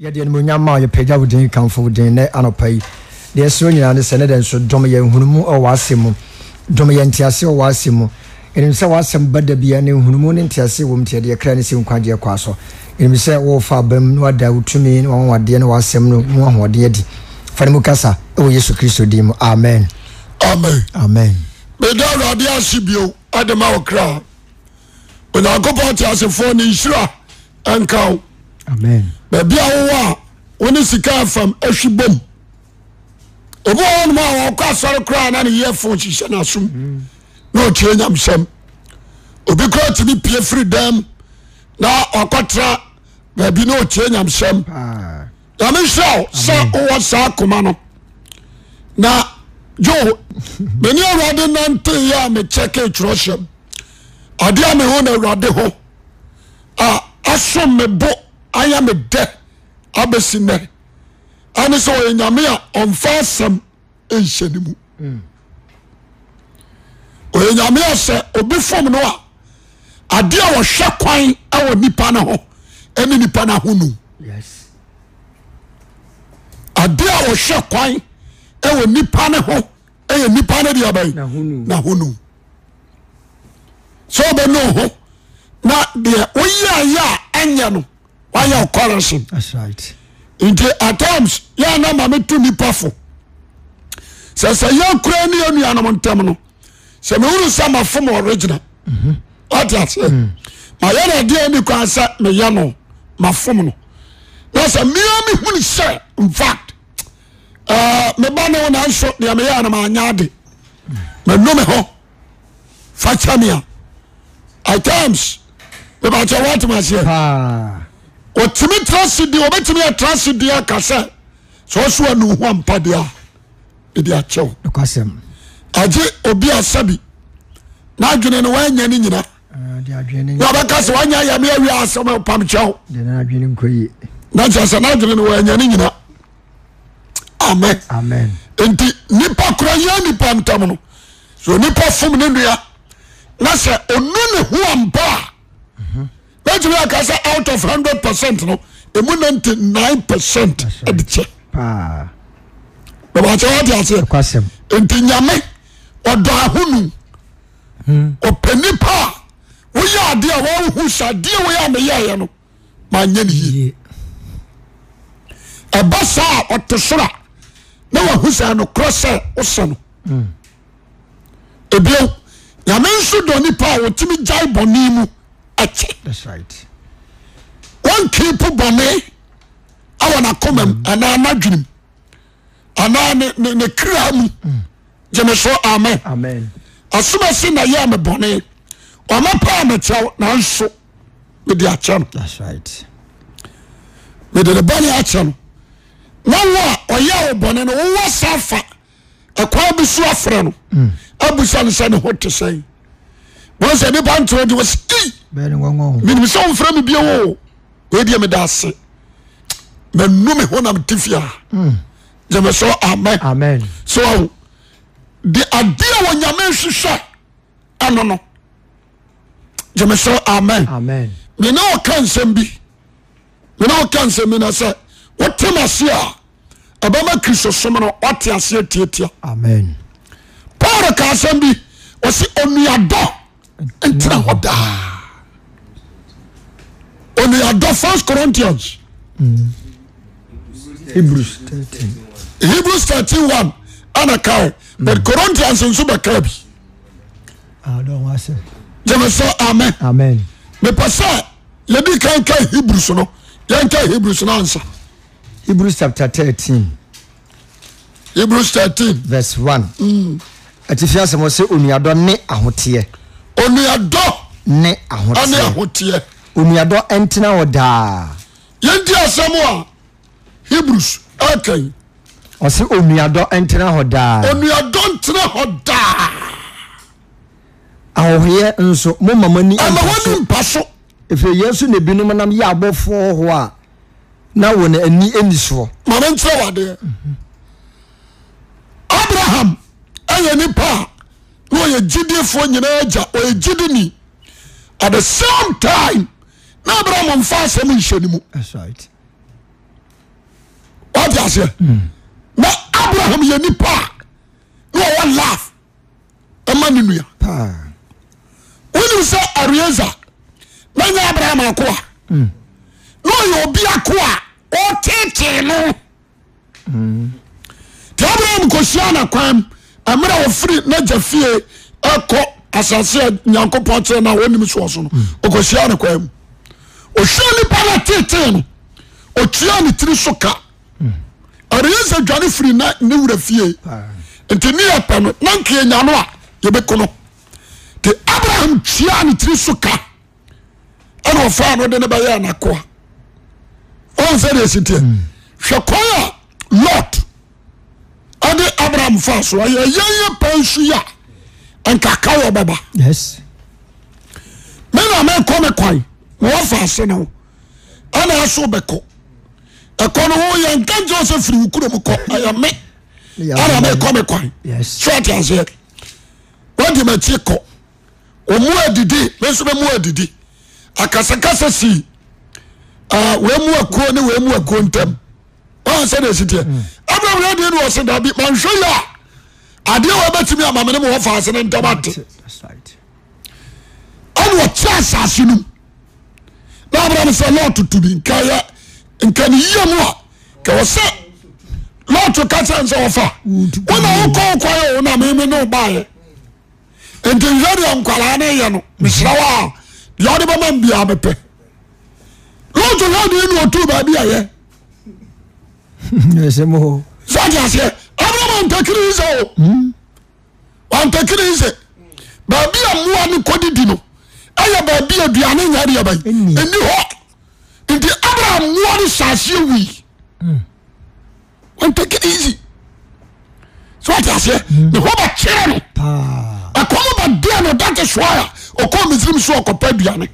yɛde animonyam ma yɛpagya wo din kamfo wo din nɛ anɔpa yi deɛ ɛsoro nyinaa ne sɛ ne dɛ nso dɔm yɛ nhunumu ɔwɔ asɛm mu dɔm yɛ ntease ɔwɔ asɛm mu ɛnim sɛ wɔasɛm ba da bia ne nhunumu ne ntease wɔ m tiɛ deɛ kra ne sɛ nkwagyeɛ kɔa so ɛnim sɛ wɔfa abam na wada wo tumi ne wawanwadeɛ ne wɔasɛm no mu ahoɔden adi fa ne mu kasa ɛwɔ yesu kristo din mu amen amen amen meda awurade ase bio ade ma wo kra onyankopɔn teasefoɔ ne nhyira ɛnka wo baabia wowɔ a wo ne sika fam ahwi bom obɛ wɔɔnom a wɔkɔ asɔre korananeyi fo hyesyɛ noaso ne ɔtue nyamyɛm obi koratimi pie firi dam na ɔkɔtra baabi ne ɔtue nyamyɛm nyamehɛo sa wowɔ saa koma no na jo mani awurade nanteyɛ a me kyɛkɛ kyorɛhyɛm adea ma hɔna awurade hɔ a ason mebo ayɛ me dɛ abɛsi nɛ ɛne sɛ a ɔmfa asɛm nhyɛ no mu ɔyɛ nyame a sɛ obi fom no a ade a wɔhwɛ kwan nipa nipa ho a wɔhwɛ kwan ɛwɔ nipa no ɛyɛ nipa no na bɛn nahonu sɛ ho na deɛ a ɛnyɛ no wayɛ correction nti at times yɛna ma meto nnipa fo sɛ sɛ yɛkura ne yɛnuanom ntam no sɛ mewuru sɛ mafom original ɔteaseɛ mayɛne deɛ ni kwan sɛ meyɛ no mafom no na sɛ mea mehunu sɛ infact meba ne wo nanso deɛ meyɛ no maanya de manome hɔ fa kyɛ me a at times mebakyɛ woatemaseɛ ɔtumi trasedi ɔbɛtumi yɛ trasedi aka sɛ sɛ ɔso anuhua mpadeɛ a ɛde akyɛwo agye obi asabi na adwene no waanya no nyina na ɔbɛka sɛ wanya yame awie asɛm pamkyɛw na kyerɛ sɛ adwene no waanya no nyina amen nti nipa kora yɛ nipa ntam no sɛ onipa fom ne nnua na sɛ ɔnu ne ho ampa a mɛkimiaka sɛ outof 10n0ed percent no ɛmunantni pecent dekyɛ ɛwkyeayɛ nti nyame ɔdɔ ahonu ɔpɛ nipa a woyɛadeɛ a wohu sa deɛ woyɛa meyɛɛ no mayane yie ɛba saa a ɔte sora na waahu sa nokorɔ sɛ wosɛ no ebio nyame nso dɔnipa a wɔtumi gyae bɔne mu wnke p bɔne awɔnakɔma m anaa nadwenem anaa ne kra mu mm. geme so amen asomse nayɛa me bɔne ma pɛamakyɛw nanso mede akyɛ no medene bɔne akyɛ no nawo a ɔyɛ wɔ bɔne no wowɔ sa afa ɛka bisuo afrɛ no mm. abu sa ne sɛne ho tesɛ s debantode wase meni sɛ omfra mebi dmedese manumonamifie emesɛ amen sode aia wɔ nyame seswɛ no no yemesɛ amen mineɔka sɛm bina sɛinsɛ wotemseɛama kriso som no ate aseɛ tiaia paur kasɛm bi ɔse nuadɔ nirahɔdaa onuadɔ first corinthianshbw hebrw 31nucrintiansnso hmm. bɛkab ah, msɛ amename nepɛ sɛ yɛde ka nka hebrew s no yɛnkɛ hebrw s no ansa hebrw chape 3b31 issɛnadne ahoteɛ nehoɛnad nteahɔ daa ni sɛ a hebrs aka ɔsɛ onuadntehdaa nad nteh da ahhɛ somomaanpso f yɛ so nbinomnam yɛ abɔfoɔ ɔhɔ a na wɔne ani anisoɔɛ wɛbraa naɔyɛ gyedefoɔ nyina agya ɔyɛ gyidini athe same time na abraham mfa asɛm nhyɛni mu woabiaseɛ hmm. na abraham yɛnnipa a ne ɔwɔ laf ɔma no nua wonim sɛ areasa n'anyɛ abraham akoa hmm. na ɔyɛ obiako a ɔkeekee no hmm. ti abraham kɔhyia anakwam merɛ ɔfiri na gya fie ɛkɔ asasea nyankopɔn tennsssanmɛ nipa no ɛtetee no ɔtiaa ne tiri soka rɛsɛ dwane firinne wra fie ntneɛ pɛnanya abraham tiaane tiri soka ɛnfa nde n bɛyɛ naɛshwɛ a lo mfa suay yeye pa nsuya nkakawo baba mename kome koa fasene anaso beko ekonyenkantese firi wukuromu ko aymeanme kome ko satas wadimtie ko omu adide meso be mo adide akasakasesi e muak ne wmuak ntem sɛde siteɛ abrabrɛdeɛ ne wɔse dabi, ma manhwɛ yi a adeɛ wɔbɛtumi amamene ma wɔfaase no ntam ate ɛne wɔte asase nom na abram sɛ lɔto bi nkayɛ nka ne yia mu a na meme ne wobaeɛ nti nhwɛ deɛ nkwaraa ne yɛ no mehyerɛ baabi sɛtaseɛ abram antakire seo nakire se baabia moa ne kɔde di no ɛyɛ baabia duane nyareaba ɛnihɔ nti abrammmoa ne saseɛ wii nkireɛhbaker obaenodatswa ɔkmsirem sokɔpa dane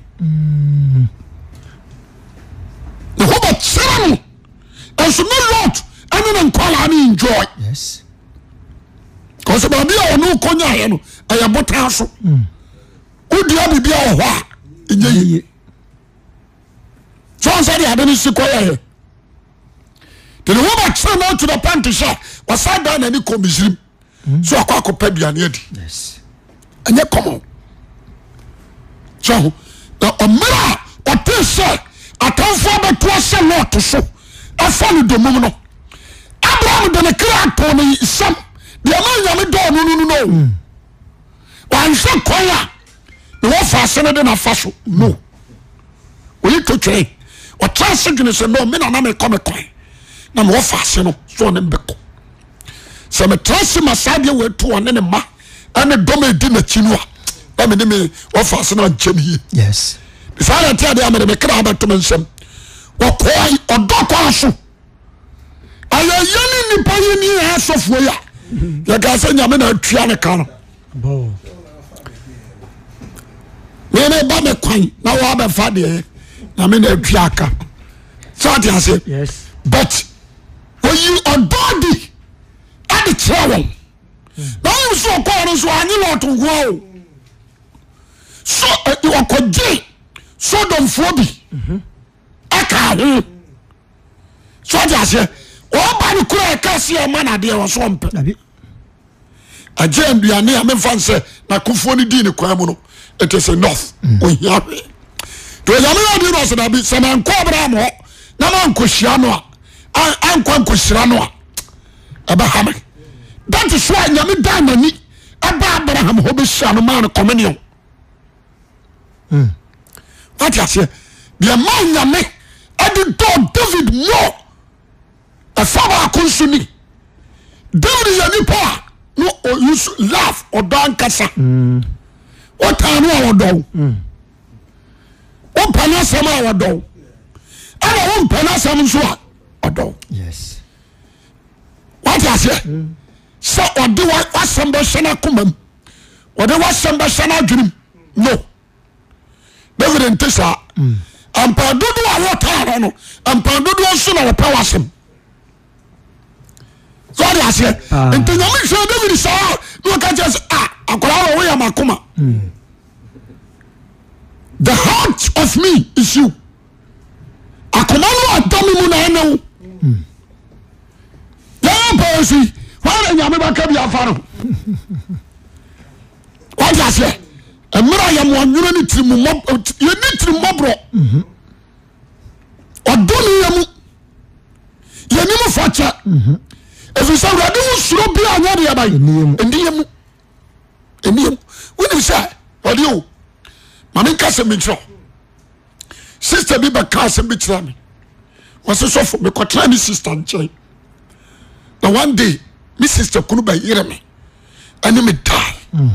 nso me lot ɛne ne nkola ne njo c ba bia nokyayɛ no ɛyɛ botanso wodi abudiawɔhɔ a yɛyeye sosɛde deno sekyɛɛ nwobɛkyera no ontɛ sadanan kir soɔpadnadyɛymerɛ a ɔte sɛ atamfo bɛtoa sɛ lot so afa no dom no abramdeme kratone sem de mayame donon anse ko a mewo fase no de ne fason ifae aeoekreeo se wɔkɔɔ ɔdɔ kwan so ayɛ yɛne nipa yi ni yɛn asɔfoɔ yi a yɛka sɛ nyame na atua ne ka no mene ba me kwan na wɔabɛfa deɛ nyame na atua aka sɛ ate ase but oyi ɔdɔ di ade kyerɛ wɔn na wɔn nso ɔkɔɔ no nso anye na ɔto nkoa o so ɔkɔgye sodomfoɔ bi mhm. akao sote asɛ obano koraakase mana dew sop e eefasɛ akof no d kamunoa yaanraaama yame awurade dɔɔ david mɔ ɛfa baako nso ni david yɛ nipa a no ɔyusu laaf ɔdɔ ankasa ɔtaa no a wɔdɔw ɔmpa no asɛm a wɔdɔw ɛna ɔmpa no asɛm nso a ɔdɔw wate aseɛ sɛ ɔde wasɛm bɛhyɛ no akoma mu ɔde wasɛm bɛhyɛ no adwenem no david nte saa mm. ampa dodoɔ awo taare no ampadodoɔ so na wɔpɛ wosem wde asɛ ah. nti nyame trɛ david saa newɛka kyer sɛ a ah, akra wwoyɛmakoma hmm. the heart of me is you akoma no atami mu naɛnɛo wɛapa hmm. si wa ra nyame baka biafa no wade aseɛ mer yɛmoyoroni tirimɔbrɔ ɔdoniye mu yenimu fache eso sɛ wurade wo suro bia yedeyaba eniymu m winim s deo mamenkase mikyir siste bi baka se bi tirame wase sofo mekotera me siste nkye na oneda me siste kuno beyere me aneme da mm.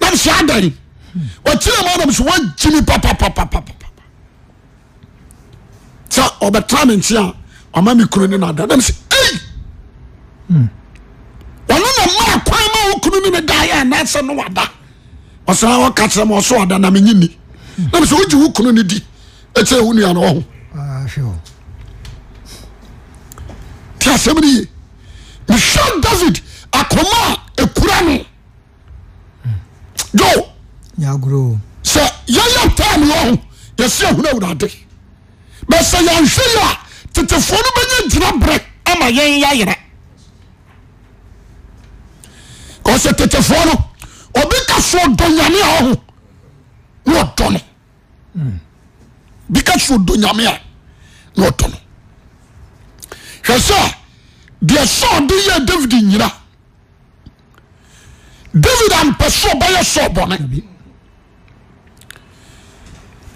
namesɛ ada tiremnemsɛ wayime ba sa ɛtramenti maennd nenmaa kranwoknu mne danasa no da s a erɛsdnngi wo knndinns ah, mewɛ david akoma kura no djoo yagro sɛ yɛyɛ paa ne ɔ ho yɛsɛ ahuna awuraade bɛsɛ yɛhwɛ yɛa tetefoɔ no bɛnya gyiraberɛ ama yɛn yɛ yerɛ casɛ tetefoɔ no ɔbi ka soɔ dɔ nyame a ɔ ho na ɔdɔ no bika so dɔ nyame a na ɔdɔ no hwɛ sɛa deɛ sɛ ɔde yɛ david yira david ampe suo bayɛ so bone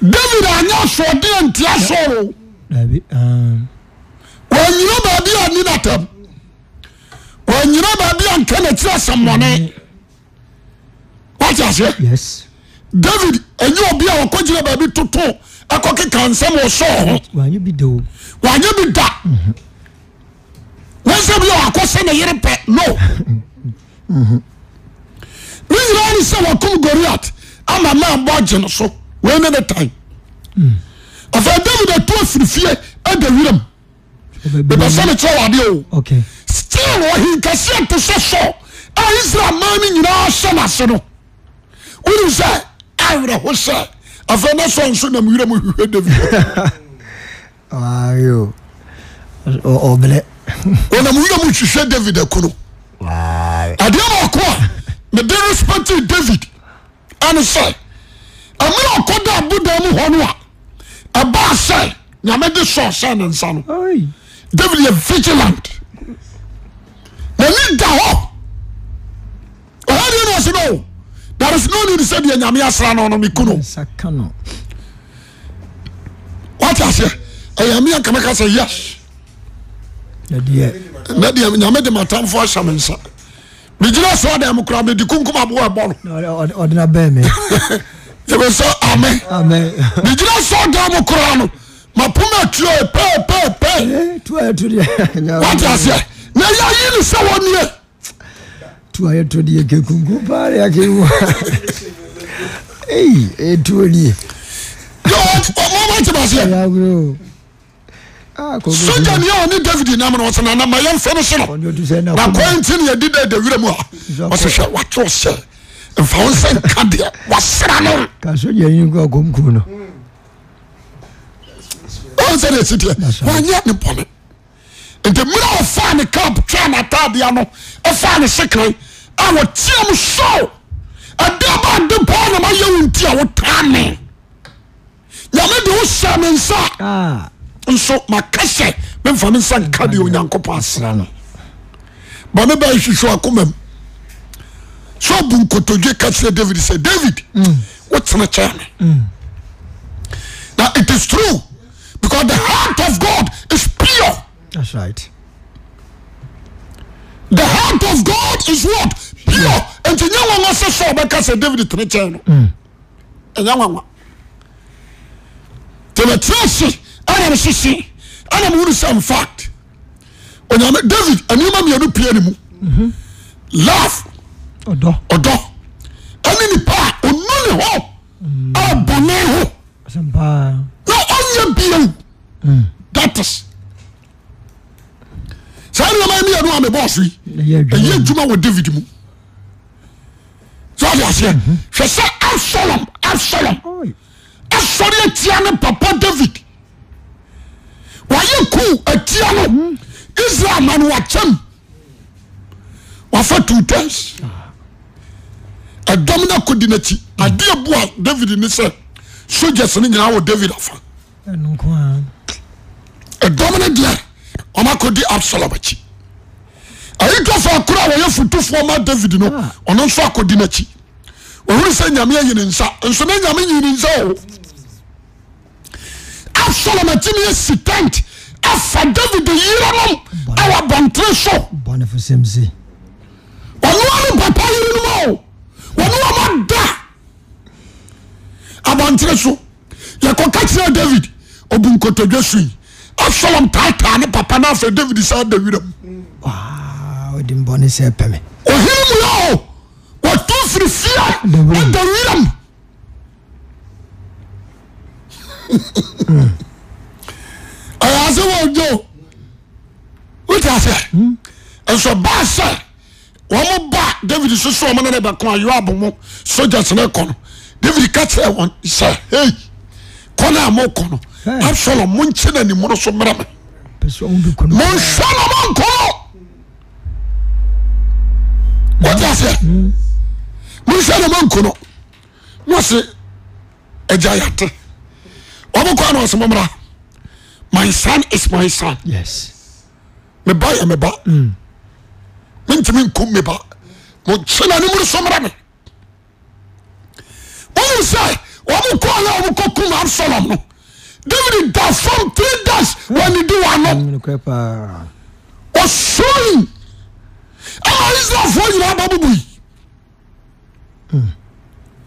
david anye asudea ntia sor um, wa ayina baabianinatam wa yena baabiankena tire sa mone watiasɛ david anyiobiao akoyira baabi toton ɛko keka nsɛmo soko waaye bi da wansebioako sene yeri pe no mhm. israel sɛ wɔkom goriat ama mabɔ ge ne so winudati afa david atu afirifie ada wera m bɛsɛno teɛwadeɛo al hinkaseɛ po sɛ sɛ a israel ma no nyinaa sɔ nase no wonem sɛ awerɛho sɛ afai ne sɔnsonaɛ danwiramtswɛ david aku adeɛoa mede respective david ane sɛ ɛmerɛ ɔkɔda boda mu hɔ no a ɛba sɛ nyamede sɔ sɛ ne nsa no david yɛ vigilant mani da hɔ ɔhadeɛ neɔso noo dareno nede sɛdeɛ nyameɛsra nɔnomku wataseɛ ɛyameakamɛka sɛ yenyamedematamfo ahyɛ mensa migina so demo krdi kunkuab boodna be ebeso am migina so demo kram mapume tie peetas n ya yini sewo mie tay tdekekk atoe omatebase Ah, sogya neɛwɔne david namnosnnma yɛmfɛmo senonakontineɛdeda dawera mu shwɛwɔɛ mfa o nsɛ nka deɛ sra nosɛyɛ npɔ nti mera ɔfa ne kap twan atadea no ɛfane sekere a wɔtiam sɛ adabade pa namaayɛo nti a wotane nyame de wo sɛ me nsa nso makasɛ memfame nsankadeɛ onyankopɔn asera no bɛ me bɛhweswɛ akomam sɛbu nktode ka seɛ david sɛ david mm. wo ten kyɛ mm. no n itis tre because the heart of god is pu te hat of god is not pu mm. ntiyɛ w sɛsɛɛka s david ekɛ ɔnam sisi ɔnam wuru on fait david anima mmienu pie ne mu mhm. love ɔdɔ nipa a ɔnu ne hɔ a mm. bɔne ho na ɔnyɛ bio mm. a Un saa nneɛma Un yi ɛyɛ adwuma david mu aseɛ mhm. hwɛ sɛ ne papa david wayɛ kuu atia no israel nanowakyɛm waafa t tims ɛdɔm no akɔdi noakyi ade abu a david ne sɛ sogyase no nyinaa wɔ david afa ɛdɔm no deɛ ɔna akɔdi absalob akyi ɛitofa kora a wɔyɛ futufoɔ ma david no ah. ɔno so akɔdi no kyi ɔhere sɛ nyame ayini nsa nso ne nyame yininsa oo imiɛsnt afa david yerenom awbɔntere so ɔneopapa ernom ɔnemda abɔntere so yɛkɔka keraa david obunkotodwa soi absalom tataa ne papa no afa david sɛ dawiramheremu wtu firifia adawiram yse o wotafiɛ nso ba sɛ womoba david sosu monene bkoa yabomo soja tenɛ kono david ka te won sɛ e kon mo kono asolo monkyena nimoo so mmereme os nowai o noma nkon ms ajayate mokonsmora son is my son meba yɛ meba mentiminkom meba mokyenanimuro somera me wone sɛ wɔmo kɔane wɔmokɔkum absalom no david dafam 3re das wanedi wanɔ osorin aaisralfoɔ yina babobɔi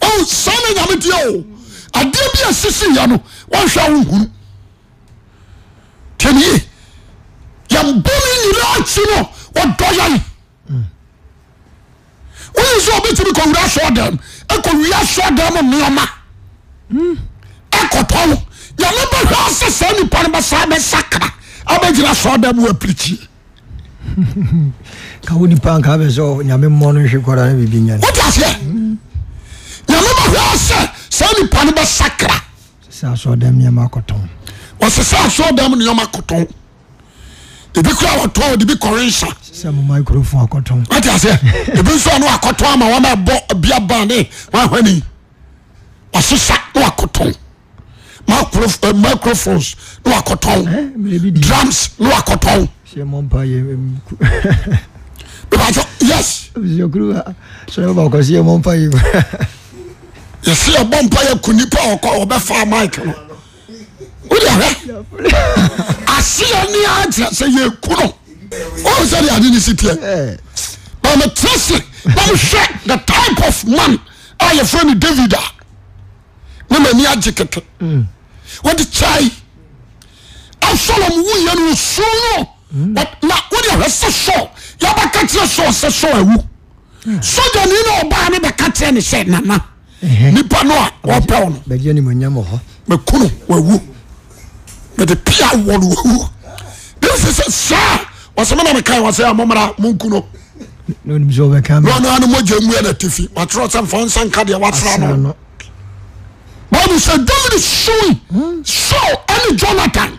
osanne nyameteɛo adeɛ biasisiiɛ no wahwɛ wo huru tmiy yambone yino aki no wodɔ yae woyesɛ wobɛtimi ko wur asou dem ɛkɔwia aso dem nneoma ɛkotɔn yame bɛh sɛ saa nipa no ɛsakra abɛgyina sou dem waprikiwofiaseɛ yame bɛhɛ sɛ saa nipa no bɛ sakra ɔsesaa so dam neama ako ton ebi kura wɔto debi korenhyatsebi nso ne wakoton ma wamabɔ bia bane wahane wasosa ne wakoton microphones n waktndrums ne wakotones yɛseyɛ mompa yɛku nipa wɔɛfa mice d aseyɛne ayerɛ sɛ yɛku no o sɛde ade ne si pie bmeterese nemhwɛ the type of man ayɛfrɛ no david a ne mani agye keke wede kyae asalom woyɛ no ɔsuomon wode ɔ sɛ sɛ yɛbaka kyerɛ sɛ sɛ sɛ awu soyaneno ɔbaa ne bɛka terɛ no sɛ nama nipa no a ɔ nou ee pia wo msse sa wasemenemekasa mnemuantfskar bmse david soi so ne jonathan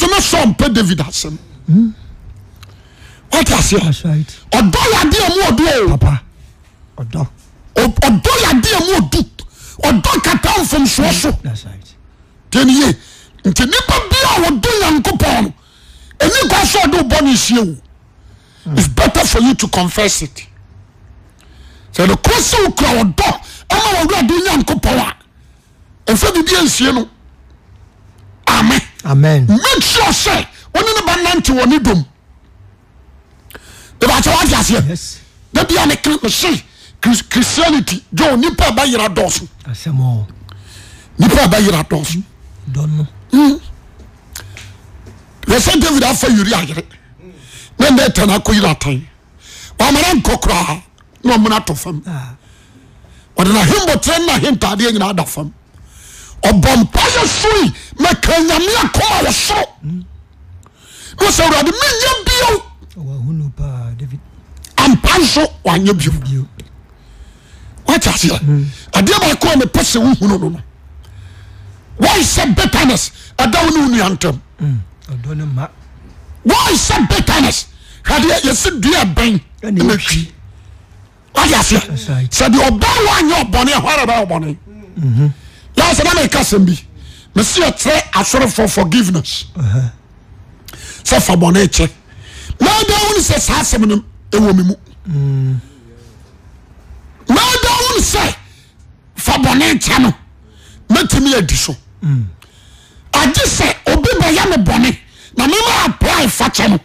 some so pe david asem hmm? watsy odo yademu yademu odo kata fom suso nye ntinnipa bia wɔdɔ nyankopɔn no aniko sɛdebɔne sie o its better fo you to confess it sɛnekosɛo kurawdɔmad yankopɔn a mfbibiansie no ame a sɛ onene ananteneo seɛase cristianity pbayera dɔso wɛ hmm. sɛ david afa weri ayere ne nɛtane akɔ yena atan aamara nkɔkoraa ne ɔmena atɔ fam ɔdena hembɔterɛ nna hentaadeɛ yina da fam ɔbɔ mpa yɛ soi maka nyamea ko a wɔsoro nesɛ hmm. wurade meya bio ampa nso aya bit hmm. adeɛ baakoanepɛsɛ woun wo sɛ bitanes ɛdawo ne nuantm w sɛ bitaness adeɛ yɛse duabɛnmɛt dsa sɛdeɛ ɔbawyɛ ɔbɔneɔ sɛnamaɛka sɛm bi meseyɛterɛ asɔre fo forgiveness sɛ fa bɔnekɛ madawonu sɛ saasɛm no ɛwɔmi mu madaw nu sɛ fa bɔnekyɛ no mɛtimi adi so agye sɛ obɛ bɛyɛ me bɔne na mema apaafa kyɛ no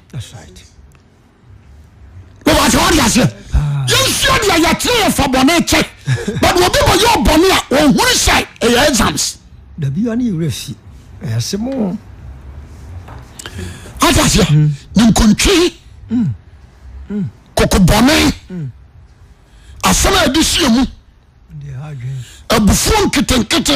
bsdeaseɛ ah. yɛnsua de a yɛkyerɛ yɛfa bɔne kyɛ but obɛbɛyɛ ɔbɔne a ɔhuru sɛi ɛyɛ axams ateasea ne mm. nkontwi mm. mm. kokobɔne asɛm aadu siamu abufoo nketenkete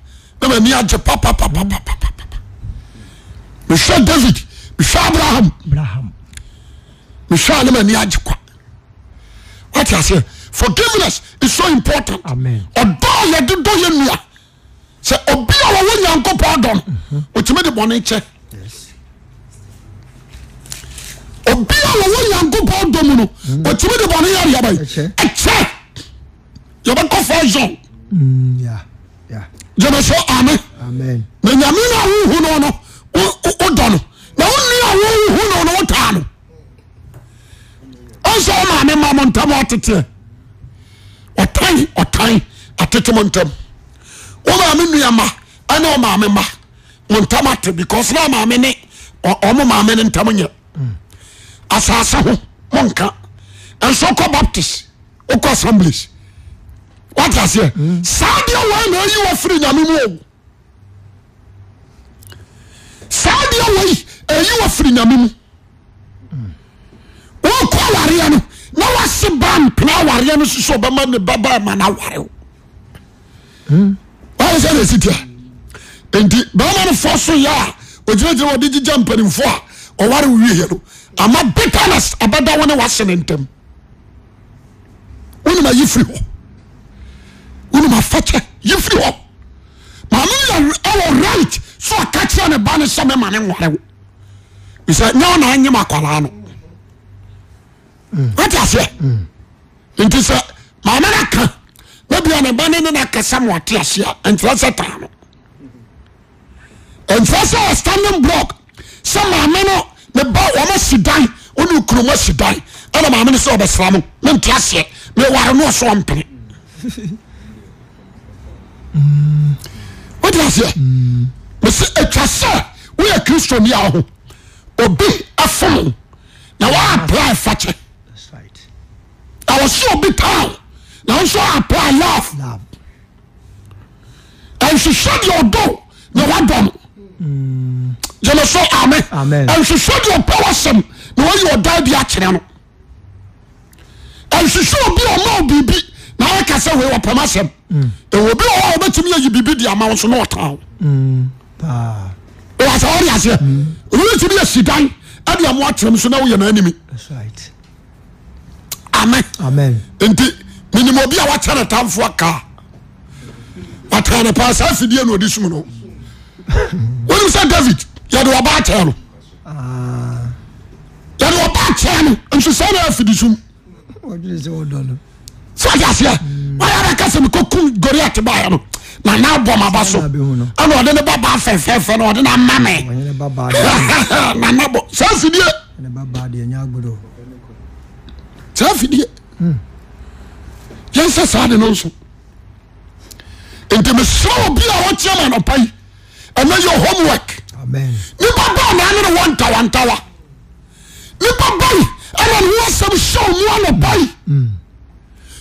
emani agye pap mehwɛ david meswɛ abraham meswɛanemani age kwa wataseɛ forgiveness is so important ɔdaɔ yɛdedɔ yɛ nua sɛ obia ɔwɔ yankopɔn dɔno ɔtimi mhm. de bɔne kyɛ obia wɔwɔ yankopɔn dɔ mu no ɔtimi mhm. de bɔne yɛreaba ɛkyɛ yɛbɛkɔfo zon mm, amso ame amenwhon udon nhnnutan somamema mtamatit ota ot atitmt mamenama anemamema mtamt because tamy asaseh moka anseko baptist oko assembles wataseɛ hmm. saa deɛ wai na ayi wɔ firi nyame mu o saa deɛ wai ayi wɔ firi nyame mu hmm. wɔkɔ awareɛ no na wase ba mpena awareɛ no soso ɔbɛma ne baba ma no aware o wɔyɛ hmm. sɛ na ɛsitia enti bɛrima no fɔ so yɛ a ogyinagyina wɔde gyegya mpanimfoɔ a ɔware wo wieɛ no ama bitterness abɛda wo ne wase ne ntam wonim ayi firi hɔ nafake ye fri o mamene wo right so akatr nebane seemane wares enyem kasns mamene aka enea enkesemeatsse tesstandin bloksis esram etiase mewarenosopere wetenaseɛ me sɛ atwa sɛ woyɛ khristronia wɔ ho obi fono na waapra a fakyɛ nawɔsɛ obi paw na nso ɔapraa lof anhwehwɛ deɛ ɔdo ne woadɔ no gye no so amɛ ɛnhwehwɛdeɛ ɔpɛ wɔ sɛm na woayɛ ɔdaa di akyenɛ no nhwehwɛ obi a ɔma o biribi na ɛka sɛ hei wɔpama sɛm ɛwbi ɛtimiyɛyi bibi demaosonta wsdeaseɛ esian adeoakyerɛmnawoyɛnni a nti eniobiawakɛn tamfoatpasaa fidiande sm n n sɛ david yɛdebakyo yɛdebakyɛ no ah. no sɛneafidi som sɛdeaseɛ ayara kase mekkum goriatebayano nanabɔ maba so ane ɔde ne baba fefefɛn de ne mame nn saasidie safidie yasɛ sa de no nso nti meseroo bia wotia ne anɔpai amayo homework niba ba naanene wontawantawa niba bai anenwosam show mu anɔbai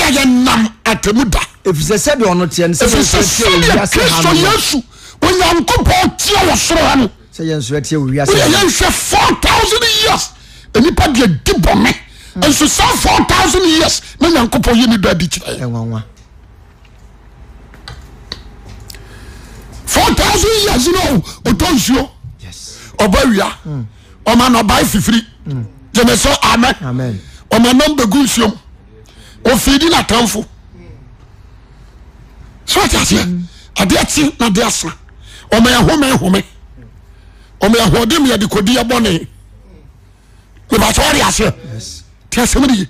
yɛyɛna atmudaɛsɛneɛkristo yɛsu onyankopɔn teɛ wɔ soroa nowode yɛhwɛ 4 00 years nipa deadi bɔne nso san 400 years ne nyankopɔ yɛnidudi kyerɛ00 yeas n ɔɔnso ɔawia mm. ɔmanba fifiri geneso a aans ofidi natamfo sotaseɛ adeɛ te na de asa ɔmayɛhomehome ɔmayɛhode miyɛde kodi yɛbɔne mebɛsɛ ɔre aseɛ nti asɛm ne ye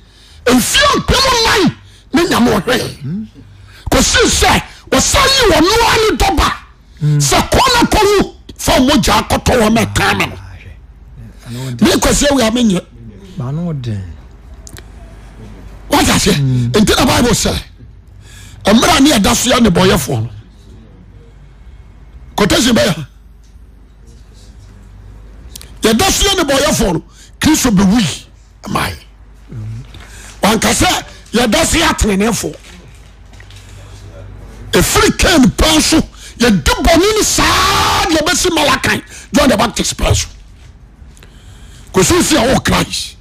mfie mpem nan ne nyame ɔhwee kɔsii sɛ wɔsa yi wɔnoa ne dɔba sɛ kɔna kɔwu fa mogyaa kɔtɔ wɔ mɛkaa me no mekɔsɛ wia menyɛ watasɛ hmm. ntina bible sɛ merɛ ne yɛda so yɛ nebɔyɛ foɔ no cotasin bɛyɛ yɛda so yɛnnebɔyɛ foɔ no kristo bewi maɛ nka sɛ yɛda so yɛ atenenefoɔ afrikan praso yɛde bɔneno saa dɛbɛsi mala kan donde bates pra so kososia wɔ cris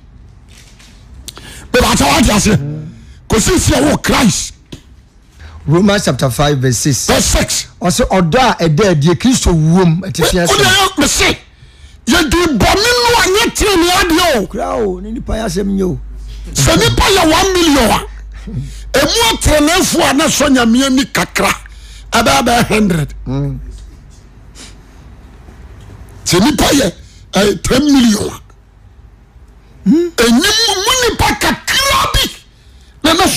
w cris 566 mese yɛdi bɔ me nua nyɛ teeneadeɛo n npyɛsmyɛ sɛ nipa yɛ 1 million a hmm? mu atrano afua ne sɔ nyanmea ni kakra 100nyɛ10 millin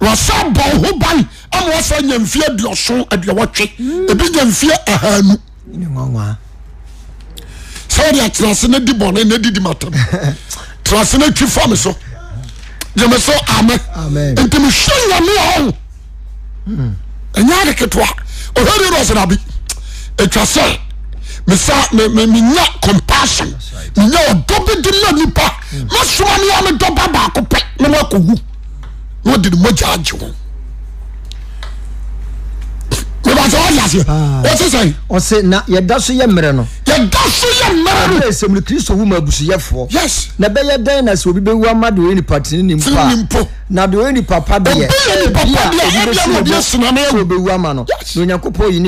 hsa bahoba msa yamfi adst eiyamfie hanu sdtrase n di i ts nti faso nyeke aomenya compassion eya dobedino nupa mesomanne dbabakop nodiɖ mojaajewo wàtí wọ́n di aseɛ o ti sɛn. ɔsè na yɛda so yɛ mmerɛ no. yɛda so yɛ mmerɛ no. ɛbɛrɛ sɛmuli kristu wu ma ebusuyɛfoɔ. yes. na bɛyɛ dɛn na sɛ obi bɛ wu ama de oye nipa tini ni mpa na de oye nipa pa deɛ. obi yɛ nipa pa deɛ ɛbi yɛ wɔde esuna obi wu ama no na wu ma yɛn.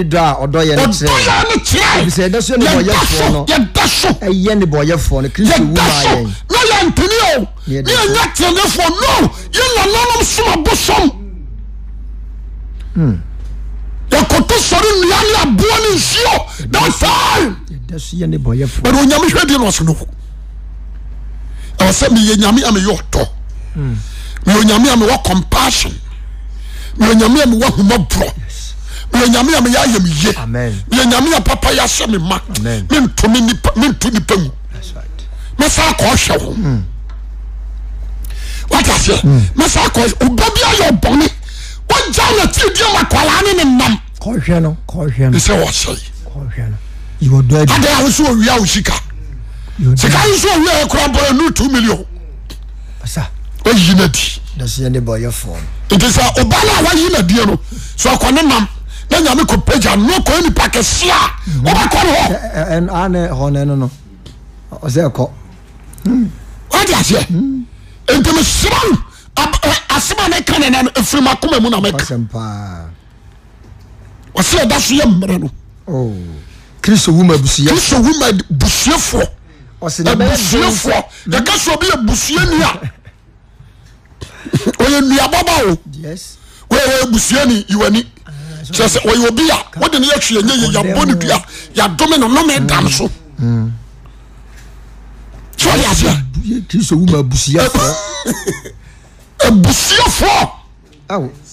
yɛda utɔnyame hwɛdeɛ neɔso ne h ɛ sɛ meyɛ nyame a meyɔ ɔdɔ hmm. meɛ nyame a mewɔcompasson mɛnyame a mewhuma borɔ ɛnyame a myɛyɛmye ɛnyame a papa yɛhyɛ me ma memento nnipa mu mɛsa kɔhwɛhoɛbiayɛ bne ya natiiwakla ne ne nam kɔhwɛ no kɔhwɛ no sɛ wɔsɛe kɔhwɛ no yɛwɔ dɔ adi adeɛ ahosuo owia wo sika sika ahosuo owia yɛ kora mpɔrɔ nu two million ɔsa ɔyi na di dɔsɛ ne bɔ yɛ fɔ nti sɛ ɔba no wayi na die no so ɔkɔ ne nam na nyame kɔ pagya no ɔkɔ nipa kɛse a ɔbɛkɔ no hɔ ane hɔ no no no ɔsɛ ɛkɔ wade aseɛ nti mesera wo asɛm a meka ne nɛ no ɛfiri mu na meka ɔsɛɛ da so yɛ mmerɛ nokriso wo ma bsuɛfoɔsɛfoɔ yɛka sɛ ɔbi abusuanu a ɔyɛ nnuabɔba o ɛ busuani wani kyerɛ sɛ ɔyɛɔbia wodene yɛtwe yɛyɛyɛyɛbɔ ne du a yɛdome ne nomadam so sɛe aseɛ abusuɛfoɔ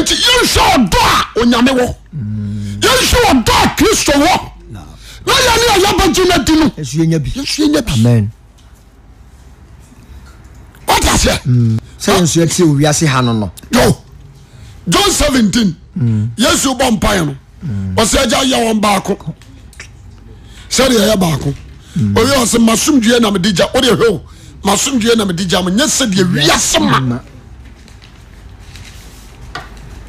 nti yɛnhwɛ ɔdɔ a onyame wɔ yɛhwɛ wɔdɔ a kristo wɔ na yɛ ne yɛyɛbɛgyeno di noɛ sɛ john17 yesuwbɔ mpae no ɔsɛgya yɛ wɔn baako sɛdeɛyɛ baak ɔ hmm. sɛ masomdwɛnamdegyawoɛ masodwɛnamdegyam nyɛsɛdia wiase ma hmm.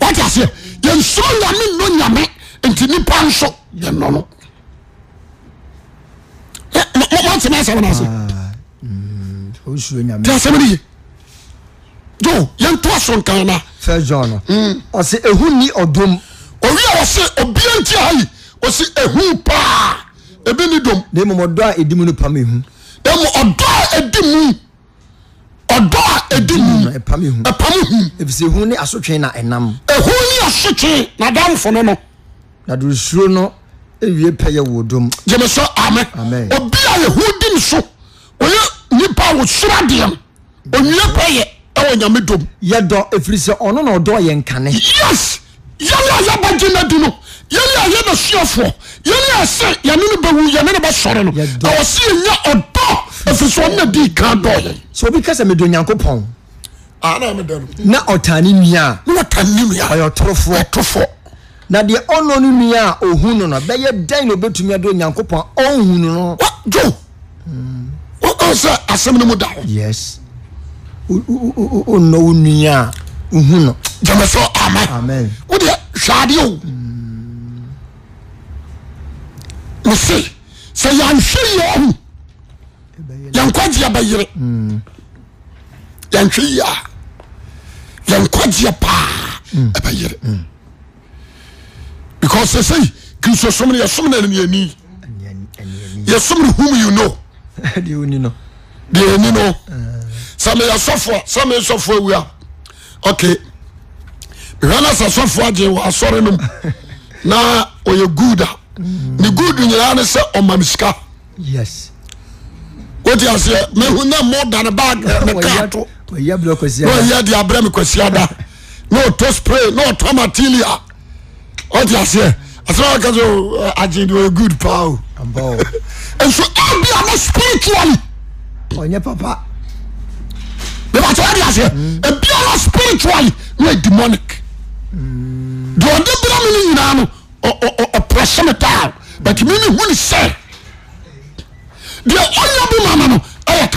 nwat aseɛ yɛnsuro nyame no ah, mm, yame mm. nti nipa nso yɛnnatmsɛwsɛmye on yɛnto sonkanaon se hu ni ɔdom owiawɔse obia nti ai ɔse hu paa ebɛni dom mado a ɛdi mu no pam hu ɔɔ ai ɔdɛdhɛfisɛ ɛhu ne asotwee na ɛnam ɛhu ne asotwee nadamfono no nadorsuro no wie pɛyɛ wɔ do gyeme so am ɔbi a ɛhu din so ɔyɛ nipa wosora deɛ n ɔniɛ pɛyɛ wɔ nyamedom yɛdɔ ɛfiri sɛ ɔno na ɔdɔɔ ayɛ nkaneys yɛne ayɛbagye no du no yɛne ayɛnasuafoɔ yɛneasɛ yɛne no bɛwu yɛne no bɛsɔre no ɛwɔ sɛ yɛnya dɔ fsoɔnnabi ka ɔ sɛ obi kasɛ medɔ onyankopɔnna ah, ɔta ne nnuaofo na deɛ ɔnɔ no nua a ɔhu nu no bɛyɛ dɛn na obɛtumi de nyankopɔn ɔhunu nonnɔ o nnaaɛ yɛhwɛ ɛ yɛnkwagyeɛ quoi pas yi a pas paa because sɛsei kristo som no a pas animyɛni y no whom you know deɛ ɛni no sɛ meyɛ sɔfoɔ sɛ me sɔfoɔ we a okay mehwɛ agye wɔ na yes wotiaseɛ mahua moanbag ekaɛ deabrɛmkwasiada naɔɔspra naɔtateliaɛ saɛgd pa ns iamɔ spiritualyɛ paɛa spiritualy ne ademonic deɔde bra muno yina no ɔsom pa butmmhunsɛ ɛɔyɛ mama no ɛaɛy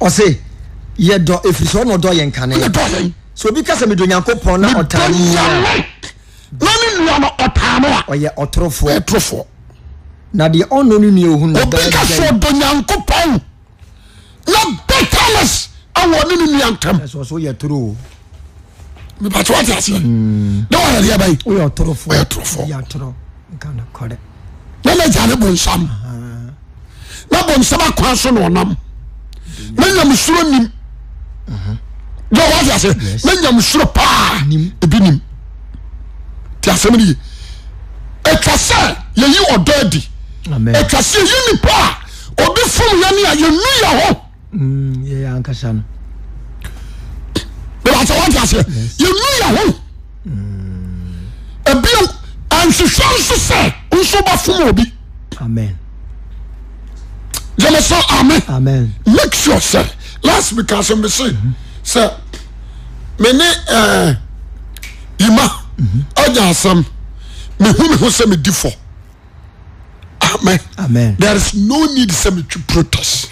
ah, ɔse yɛdɔ ɛfiri soɔ naɔdɔ yɛ kanesɛobi kasɛ medɔ nyankopɔnnɔɛfoɔndɛɔnnnaasɛ ɔdɔ nyankopɔn na awo ne no nuantamtaseɛ eɛa ne negyane bonsam ne bonsam akoa so no nam meyamsoro nim yateas meyamusoro paa bini t asɛmee twasɛ yeyi ɔdɔ di tasɛ yinipoa de fomuaneayɛnu yɛ ho ɛɛ nkasa o ɛɛswotaseɛ yɛnu yɛho abi anseswɛnse sɛ nso bɛfoma obi amen yemɛsɛ ame mm-hmm. ne sure sɛr last wekaso mese sɛ mene yima anyaasɛm mehu me ho sɛ medi fɔ thereis no ned sɛ metwi protest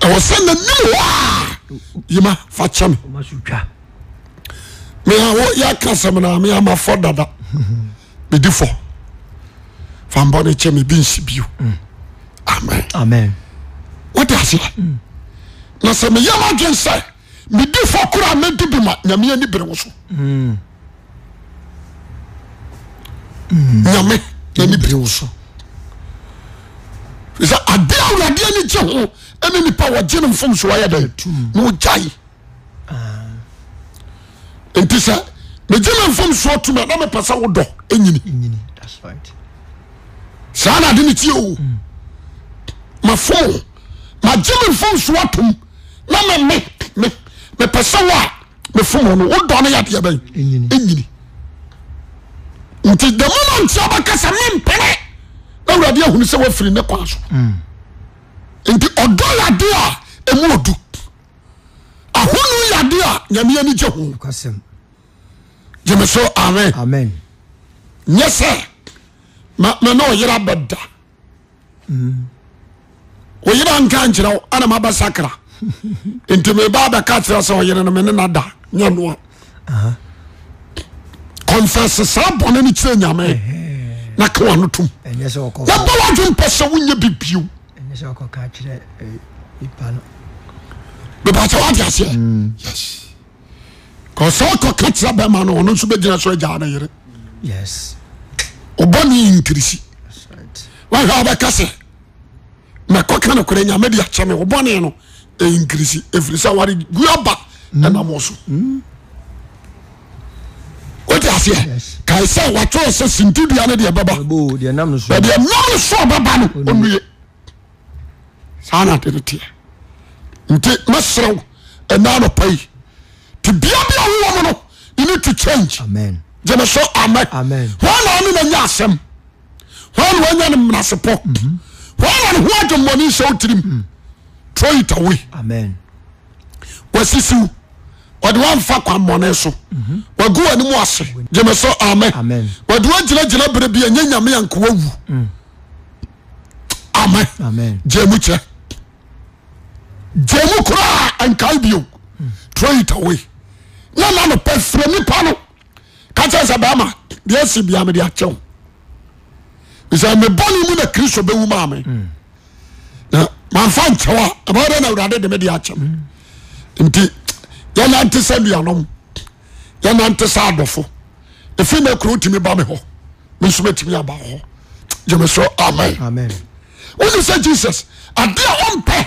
ɛwɔ sɛ nanim hɔa yima fakyɛme eaw yɛka sɛ mnaa meamafɔ dada medifɔ fambɔne kyɛ mebi nsi bio mm. am wodeaseɛ mm. na sɛ meya ma dwen sɛ medifɔ kora a mɛde bima yameani bere wo so mm. nyame ɛaeadeɛ ne geho mm. me nipa wogyeme fosowa yɛ de ne wogyae nti sɛ megyeme fo sowa toma nemepɛsɛ wodɔ yini saa naade ne tieo mafo magyeme fom sowa tom namepɛsɛwoa me fomono wodɔ ne yadeaa ini nti the moment yɛ wobɛkɛsɛ mempere na wurade ahunu sɛ wa firi ne koa so nti ɔdo yade a ɛmu odo ahonu yadea yameyano kya ho yeme so amen yɛ mm. sɛ mane oyera bɛda oyere nkankyerɛo anamabɛsakra enti mebabɛka tera sɛ oyere no menenada yɛ noa confess saa bɔne no kyerɛ nyame na ka wa no tom wobɛ wadwe mpɛ sɛ wonyɛ bibio eh, bebɛsɛ wade aseɛ mm. yes sɛ wokɔ ka kyerɛ bɛma no ɔno nso bɛgyina so agyaa no yere ɔbɔne nkirisi wahwɛ wobɛka sɛ mɛkɔ ka no korɛ nyame de akyɛ me wobɔne no ɛnkirisi eh, ɛfiri sɛ ware guaba mm. ɛnamɔ so mm. kasɛwt sɛ sntedan debaude naso bɛba none sana nti meserew ananɔpayi to biabia woomu no une to change gene so ame hana no nanya asɛm ane waanya no mnasepɔ mhm. hanan hoage mbɔne nsɛ wotirim mhm. toitaws dfa kano anis ees degyinainaby yame nawm ym kye yamu kra nkabi ie nnano pafremi pano aeɛsibekyenmuna kristo akɛnradedeedekyenti yɛna nte sa nduanom yɛnante sa adɔfo ɛfeina kurotimi ba me hɔ mensotimi abah gyeso amen wone sɛ jesus adea ɔmpɛ mm.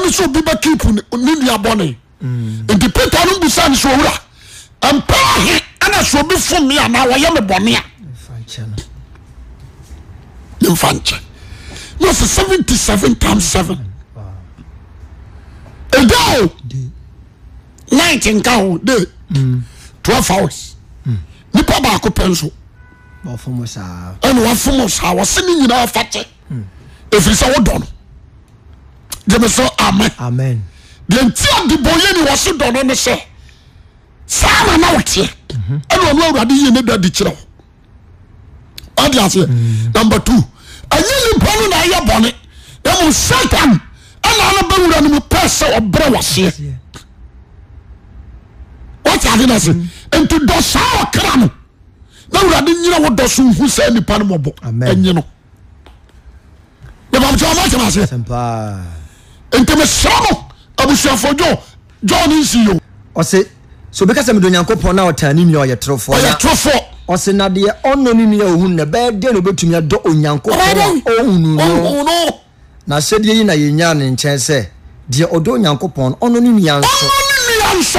ne sɛ obi ba kip no nabɔne nti pata no bu sane sɛɔwura mpɛhe ana soobi fome ana wɔyɛ mebɔnea emfa nkyɛ msɛ 77 tim s ɛao 9it nka ho e 2 houres nipa baako pɛnso ɛne wafomo saa ɔsene nyina afatɛ ɛfiri sɛ wodɔ no deme so amen bɛnti ɔde bɔ yeni wɔso dɔ no ne sɛ saa na na woteɛ ɛnanea awurade yenedadi kyerɛ hɔ adeaseɛ nambe tw ayɛ nipa no naayɛ bɔne am satan ɛnanabawura no mupɛ sɛ ɔberɛ wɔseɛ wate ade no se mm. nti dɔ saa ɔkra no na wurade nyina wodɔ so nhu sɛ nnipa no mɔbɔ ɛnye no nebamkyɛ ɔmakyɛm aseɛ nti mesrɛ no abusuafo dwo dwo ne nsi yo e ɔse sɛ obɛka sɛ mede onyankopɔn na ɔtaa ne nua ɔyɛ torofoɔ ɔyɛ torofoɔ ɔse na deɛ ɔnɔ ne nua ɔhu no ɛbɛyɛ deɛ na obɛtumi adɔ onyankopɔn a ɔhunu no na hyɛdeɛ yi na yɛnyaa ne nkyɛn sɛ deɛ ɔdɔ onyankopɔn no ɔnɔ ne nua nso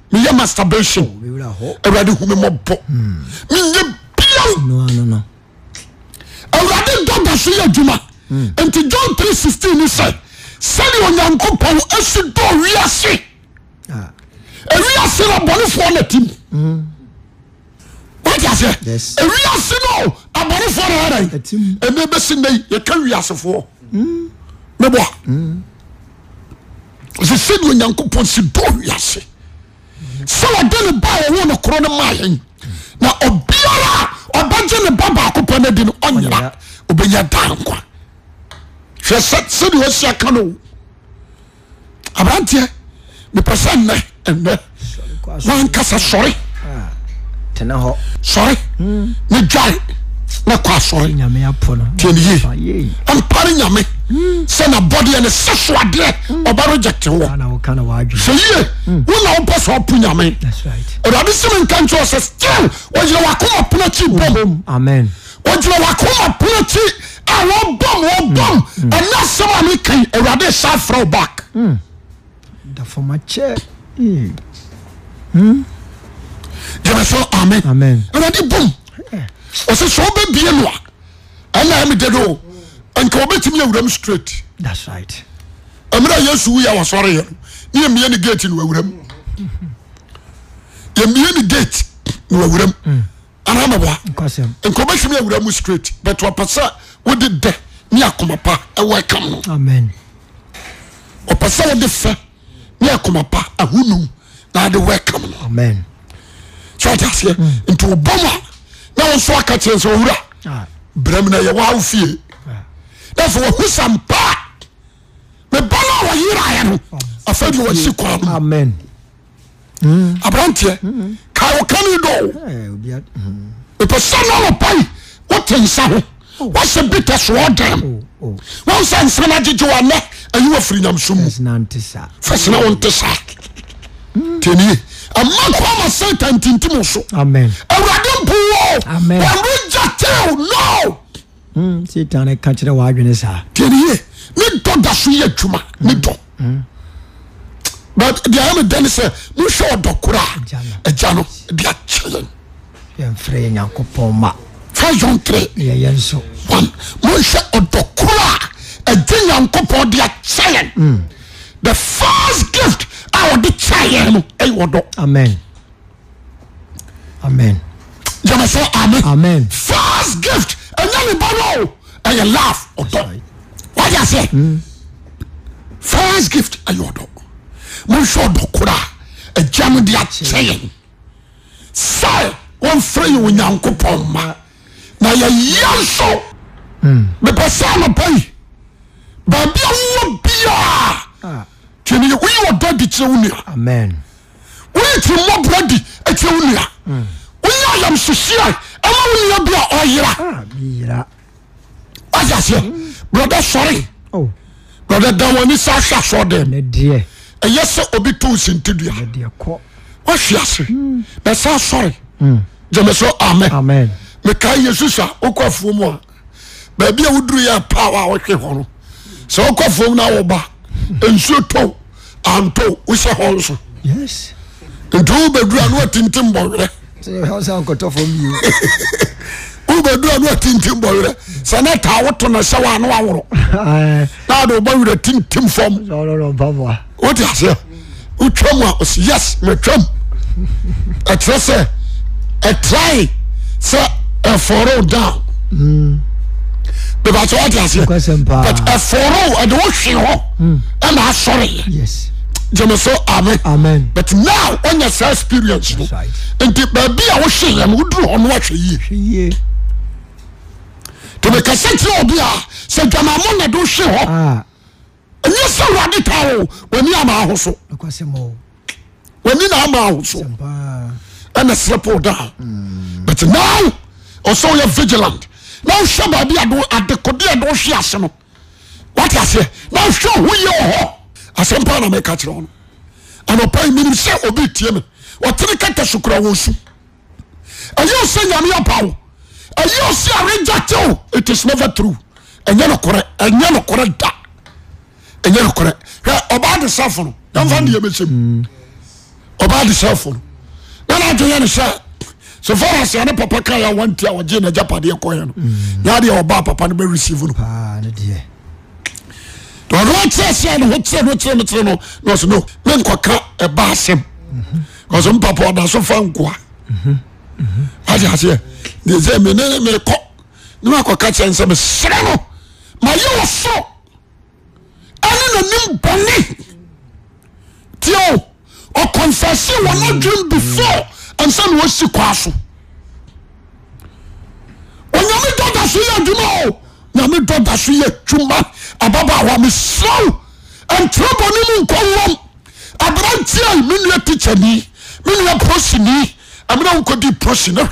meyɛ masturbation oh, awurade hu me mmɔbɔ hmm. menyɛ biam awurade dɔda so yɛ adwuma hmm. nti john 316 ne sɛ sɛdeɛ onyankopɔn asi dɔ wiase ah. hmm. ewiase no abɔnefoɔ na tim wati aseɛ ewiase no abɔnefoɔ na ara yi ɛnɛ bɛsi nɛ yi yɛka wiasefoɔ mɛboa sɛ sɛdeɛ onyankopɔn si dɔ wiase sɛ wɔde ne ba a ɔwo no korɔ no mahe na ɔbiara a ɔbagye ne ba baakopɔ no adi no ɔnyena ɔbɛnya dan nkwa hwɛ sɛsɛdeɛ ɔsia ka no wo aberanteɛ nepɛ sɛ nnɛ ɛnɛ waankasa sɔre sɔre ah, hmm. ne dware ke mpare yame sɛna bodnesesadr baeteosye onawobse wapo yame m ka naapnki bo yena maponkm ɛnesɛm mek wradesa fra bak osɛ sɛ obe bie noa ɛna medado mm. nka wobɛtimiawuram srat eyesuwonenw mien gaenwana sowaka ɛsɛhr berɛmnoyɛwawo ah. fie ah. ef wahu sampaa mebane a wayereɛ no afadwasi koano mm. aberantɛ mm-hmm. kawokanedoo eh, mm-hmm. epɛsɛ nowopae wotensa ho oh. wasɛ bite soo deram woh oh. sɛ nsea no gyegyewonɛ ayewa firi nyamso mu fɛ sena wo ntesa ma amasnta ntintim so wraebmoya onosaaneka hmm, kyerɛ wdwene saa me dɔ dao yɛ dwmaeɛhɛɛmfɛɛyankopɔnma3ɛɛoohɛ hmm, hmm. ɔdkore nyankopɔn deakɛɛn the first gift ɔde kyɛyɛ no ɛyɛ ɔdɔ yama sɛ am first gift ɛnyɛ ne bɔno ɛyɛ laf ɔdɔ waya sɛ mm. first gift ɛyɛ ɔdɔ mohwɛ ɔdɔkora agya no de akyɛ yɛn sɛ ɔmfrɛ yɛ onyankopɔn ma na yɛyɛ nso bɛpɛ mm. sɛnɔpayi baa biawɔ biaa ah. oye do kera won oye kiri m rad kia wona oye asese maon yera b s saseɛ obto snesesa s so aea ant wosɛ hso nti wobɛdura no watintim bɔerɛ wobɛdura no watintim bɔwerɛ sɛ ne ɛtaa woto no sɛ wo a ne waworo na ade wba werɛ tintim famwotseɛ wotwam a syes matwam ɛterɛ sɛ ɛtrae sɛ ɛfɔro e dow hmm. bíbá tí wọ́n ti àṣẹ but ẹ̀fọ́rọ́ ẹ̀dẹ̀ wọ́n hwìn hmm. hɔ ẹ̀ na asọ̀rọ̀ yẹ jẹ́mi sọ amen but now wọ́n yẹ sẹ́ experience no nti baabi a wọ́n hwìn yẹn no wọ́n dúró hɔ no wọ́n hwẹ yie tòmí kẹsẹ́ tí o bí a sẹ jama mọ́ na ẹ̀dẹ̀ hwìn hɔ ẹ̀yẹ sẹ́ wúradì ta o wọ́n ní àmà ahosuo wọ́n ní àmà ahosuo ẹ̀na sẹ́pọ̀ dáa hmm. but now ọ̀sọ́ yẹ vigilant na nhwɛ baabi adekode a ɛde hwe ase no wate aseɛ na nhwɛ ho yɛ wɔ hɔ asɛmpa na mɛka kyerɛ wo no anɔpa yi menim sɛ obi tie me wɔtene kɛtɛ sokora wɔ su ɛyɛ ɔsɛ nyame apa wo ɛyɛ ɔsɛ aregyate wo it is never true ɛnyɛ nokorɛ ɛnyɛ nokorɛ da ɛnyɛ nokorɛ hwɛ ɔbaa de sɛfo no namfa deɛ mɛsɛm ɔbaa de sɛfo no na na adwene ne sɛ sofarsia ne papa kaɛaiɔgyengyapadeɛɔɛndeɔbapapanɛrvenekɛenkka basɛpapdao fankɛakyɛsɛerɛ no mayɛɔso ɛne nanim bɔne ntiɛo ɔkɔmfase wɔn adwen before nsen osi koa so oyame du da so ye dwuma yame dudes yauma babso ntrabonim nkoo branti men ien posnaao koasra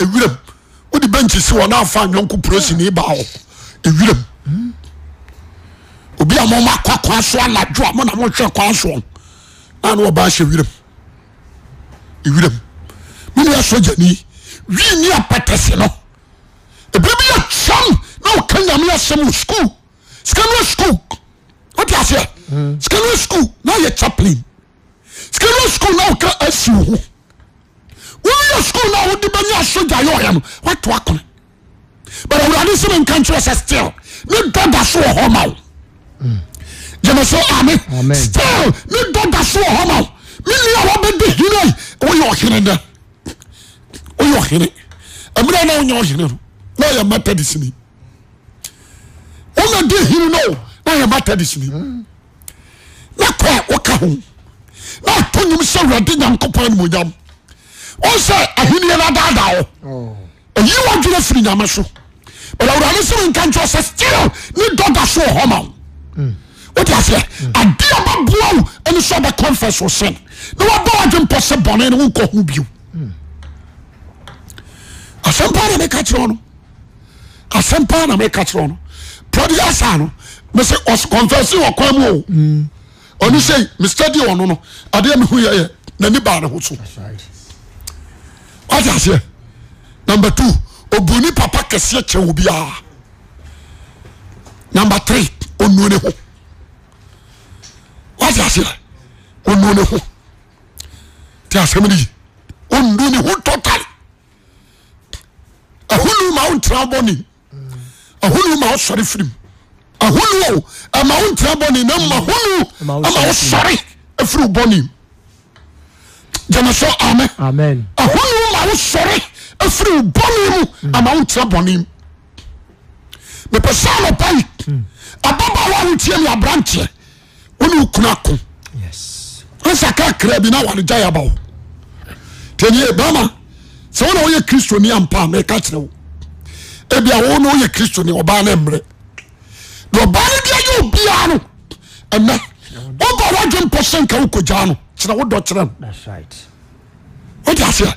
irwi wode bɛnti se wɔ nefawonkoprasineba wr bi makakoaso naɛsɛenɛsane wini apɛtese no birɛbiɛtam mm. na woka nyame sɛm skol sana skol wseɛ ana skol nayɛ chaplin sa na skoul na woka asio ho odeaa a ueaea ɛ aɛ akona ɔsɛ ahenniɛ oh. hmm. hmm. no adaadaa wo ɛyi wadwerɛ firi nyame so but awurade sɛ menka nkyɛ sɛ still ne dɔda so wɔ hɔ ma wo wode aseɛ adeɛ bɛboa wo ɛne sɛ wobɛconfess wo sen na wabɛ wadwempɔ sɛ bɔne no wonkɔ ho bio asɛm paa na meka kyerɛ no asɛm paa na meka kyerɛ no prodiasa no mese confesse wɔ kwan mu o ɔno sei mestadi ɔno no adeɛ mehu yɛyɛ nani baa ne ho so ateas numbe two oboni papa kesie teo bia numbe thre on ho ats onho tsmee onnho total ahu motir mosre firi o tirabnimaosere firibon jameso ame sor fra aa ne oa kisto aeaoer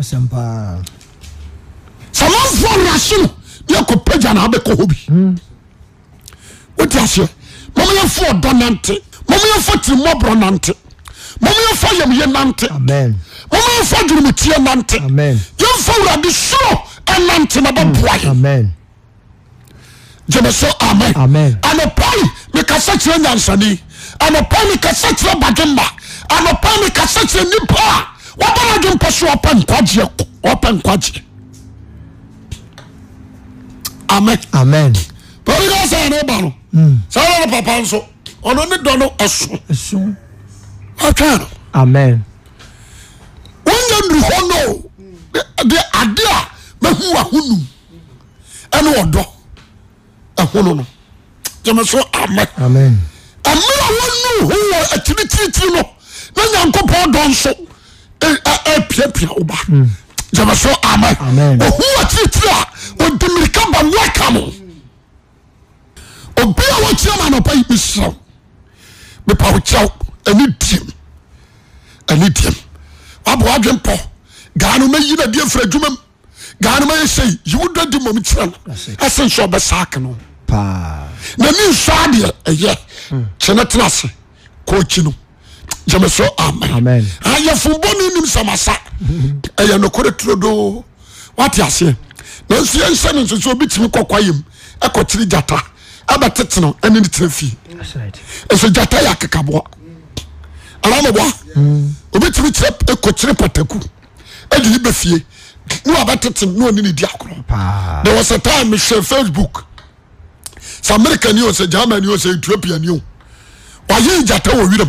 samanfuo reseno yeyako pejanbekohobi eta mome yefo nt mmyefo tirir nt myefyye nnt mmyefo juromu tiyenante yemfo wurad suro nantenabebuae jime so a anpa mikasachire yansan ankasacire bauba nkasaci na wodanodwepɛ sonɛ nkgy aɛ bɛiɛsɛɛne ba no hmm. sɛ wwɛnepapa nso ɔnone dɔ no asow woyɛ duruhɔ no de ade a mɛhuahonum ɛne ɔdɔ ahonu no yemɛ so amɛ mɛawonuhowɔ akirityiritiri no ne nyankopɔndɔ nso pia pia oba aso amohua kiretiri a odemireka bana kamo obia wokyira na napaimisere bepao kyere ane die ane die aboadenpo ganma yina deefra dumam ganmyesei ye ddimamu kyiran sesobɛsakeno nani soade ye kene terase kokino ye fombone ni semsa yn trod so btii ko ere aa ete te ne ra fe aa kekakoere pa eeete e nendirs tm we facebook se amerikan se germans etopian e ataee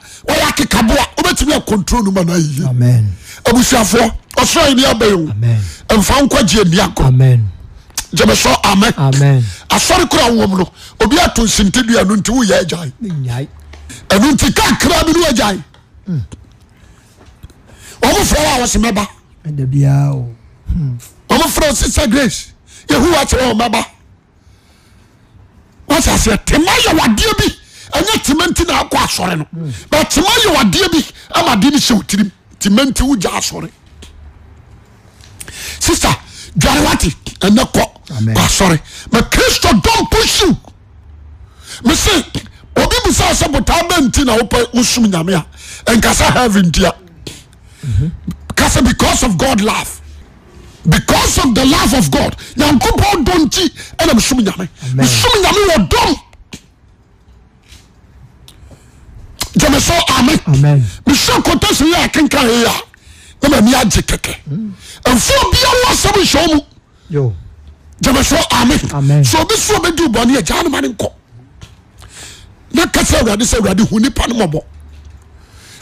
wyɛ kekaboa wobɛtimi acontrolnomnay abusafoɔ ɔsroineaba mfankagye nig yemɛsɛ ame asɔre korawom hmm. o hmm. obiato nsintedanontiwoyɛgya ɛnntikakra binogya frɛsɛfsisa grace yhayɛwe ɛnye temanti nakɔ asɔre no buttima yɛwade bi amadene seotirim timanti woa aresie awascristo donpos mese obibu sa sɛbtamentinawo oso yae nasɛavni asɛ because of god loe because of the love of god yankp dni nso yoy jẹmẹ sọ amen mesọ kọtẹsí yẹ akínká yẹ yá ẹ bẹ mi agye kẹkẹ ẹnfọ biara asẹmu ìṣọ mu jẹmẹ sọ amen sọ obi sọ obi di ìbọn ni ẹja anuma ni nkọ na kẹsẹ ẹwurade sẹ ẹwurade hu nipa ni mọbọ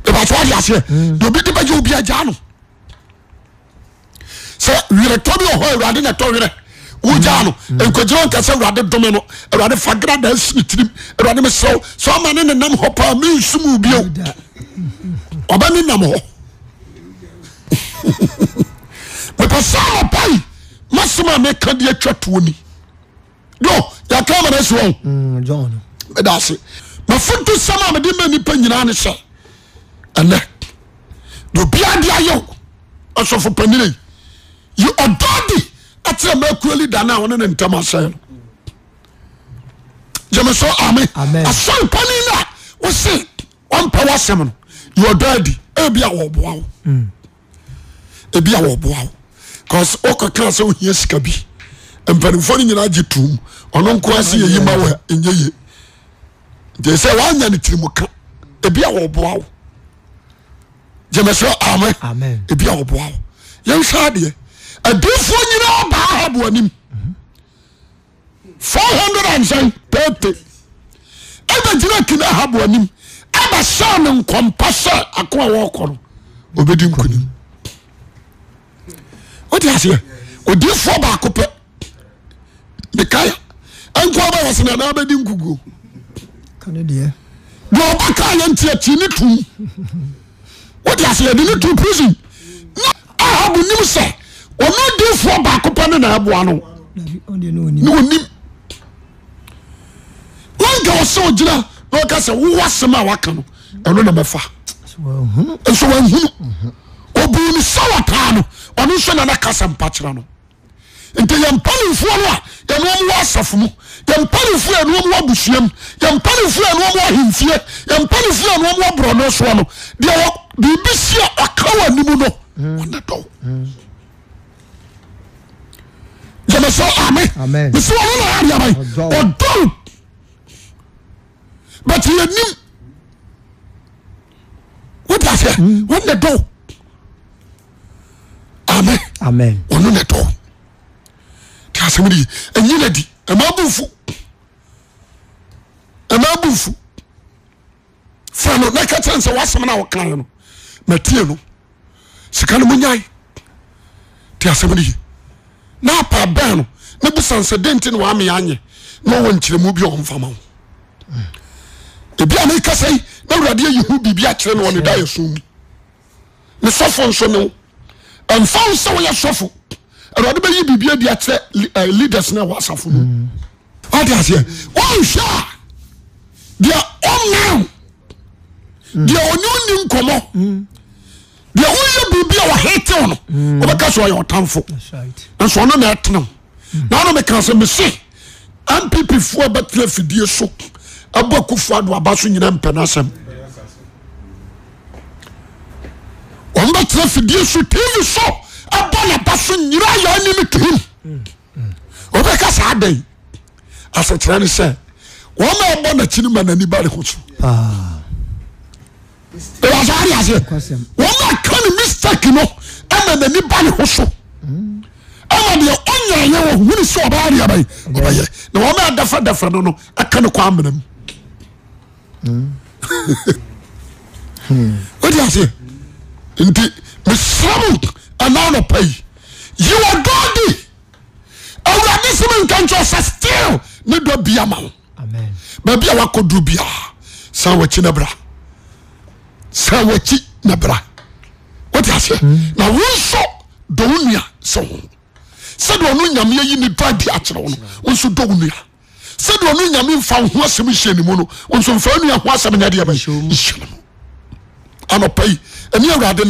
ìbá sọ ọdí aseẹ dobi mm. di bẹ yẹ obi ẹja anu sẹ wìrẹtọ bi wọ hɔ ẹwurade nẹtọ wìrẹ. woao nkgirkasɛ wade dome no wrde fagradasnitirim wademesɛ sɛ mane nenam hɔ pamensombibaninamhɔ epɛsɛmɔpai masoma meka de atwatoni ykansidse mm, ɛfonto sɛma mede ma nipa yina nesɛɛnobiade ayo sfo paniyd ɛadannne mm. sɛ esɛ mnn wose pɛ wose o diwiwɔoa casokaka sɛ ohia sika bi panifo ne yinagye tm ɔnnkoasyeyiwyɛɛ yane tirimu ka wah adifoɔ nyinaa baa ahab anim four hundred and nsan thirty ɛbɛgyina kina ahab anim ɛbɛsɛn ne nkɔmpa sɛ ako a wɔrekɔ no obɛdi nkonim wote aseɛ odifoɔ baako pɛ mekae ɛnkoa bɛyɛ sene anaa bɛdi nkuguo deɛ ɔba kaa yɛ ntiatie ne tum aseɛ de ne prison na nim sɛ ɔno difoɔ baako pa ne naaboa no ne onim wanka ɔsɛ ogyina na ɔka sɛ wowɔ sɛm a waka no ɛno na mɛfa nso wanhunu ɔbuu no sɛ wɔtaa no ɔno nso na naka sɛ mpa kyerɛ no nti yɛmpanimfoɔ no a yɛnoɔm wɔ asafo mu yɛmpanimfoɔ a ɛnoɔm wɔ abusuam yɛmpanimfoɔ a ɛnoɔm wɔ ahemfie yɛmpanimfoɔ a ɛnoɔm wɔ borɔno soɔ no deɛ biribi si a ɔka wɔ anim no ɔne dɔw mese ame mese yenaareaba odol but enim waba fia wenenedou ame one nedou teaseme reye iyene di ama bufu ama bufu sano neka teni se waaseme na wo kraeno me tie no seka ne moyai teasemereye na apa bɛn no ne bu sansɛde nti na wame anyɛ na ɔwɔ nkyerɛmu bi ɔmfama ho ebi a ne kasa yi na awurade ayi ho biribi akyerɛ no ɔne da yɛ so bi ne sɔfo nso ne wo ɛmfa wo sɛ woyɛ sɔfo awurade bɛyi biribi adi akyerɛ leaders na a wɔ asafo no wade aseɛ wɔnhwɛ a deɛ ɔmɛw deɛ ɔne ɔni nkɔmmɔ ɛoyɛ burbia ɔhetew no mm. wobɛka sɛ ɔyɛ ɔtamfo soɔneneɛtenem nanomeka sɛ mese ampepifoɔ bɛtera fidie so abɔ kufu ado aba so yina mpɛnesɛm ɔɛera fidie so tm so abɔnba so yina yanimtm ɔbɛka saaadan asɛkyerɛ ne sɛ ɔmɛɛbɔ nakyinemananibare ho so ah. wsare seɛ ɔmaaka no mystek no ama nani bane ho so ɛwɛdeɛ oyayɛw hun sɛbɛrebanɛdafrɛfɛ ɛkankmnameseɛ niesam ananpayi yewdde awurade sem nkakyi sestl ne dɔ biamao baiwkdrki sawaki na bera wade sɛ mm. nawonso doo nua sɛ oo sɛdono yameayino ad akyerɛ no oso nua ɛdn yame mfaho sɛm nmfanuhosɛ naɛni wrade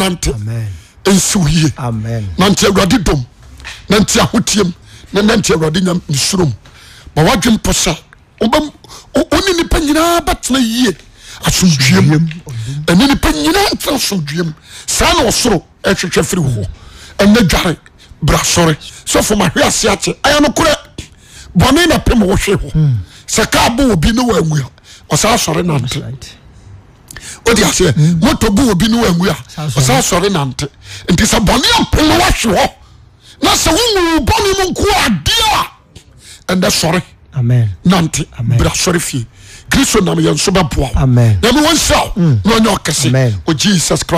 nnnseane awo sɛ ɔne nipa nyina baterayie asod ɛne nipa yina ntia sodam saa naɔsor hwewɛ firi ɛn dware brasɔr sɛfomhweseaky yor bne na pmowohe hsɛabbnsasɔrbnsasɔre nante ntisɛ bɔne apono wahwe hɔ nsɛ woubnemu no adea ɛnɛ sɔre nant bra sɔre fie khristo nam yɛnso bɛboaw namewonsɛw nenyɔ mm. ɔkase oyesaska oh,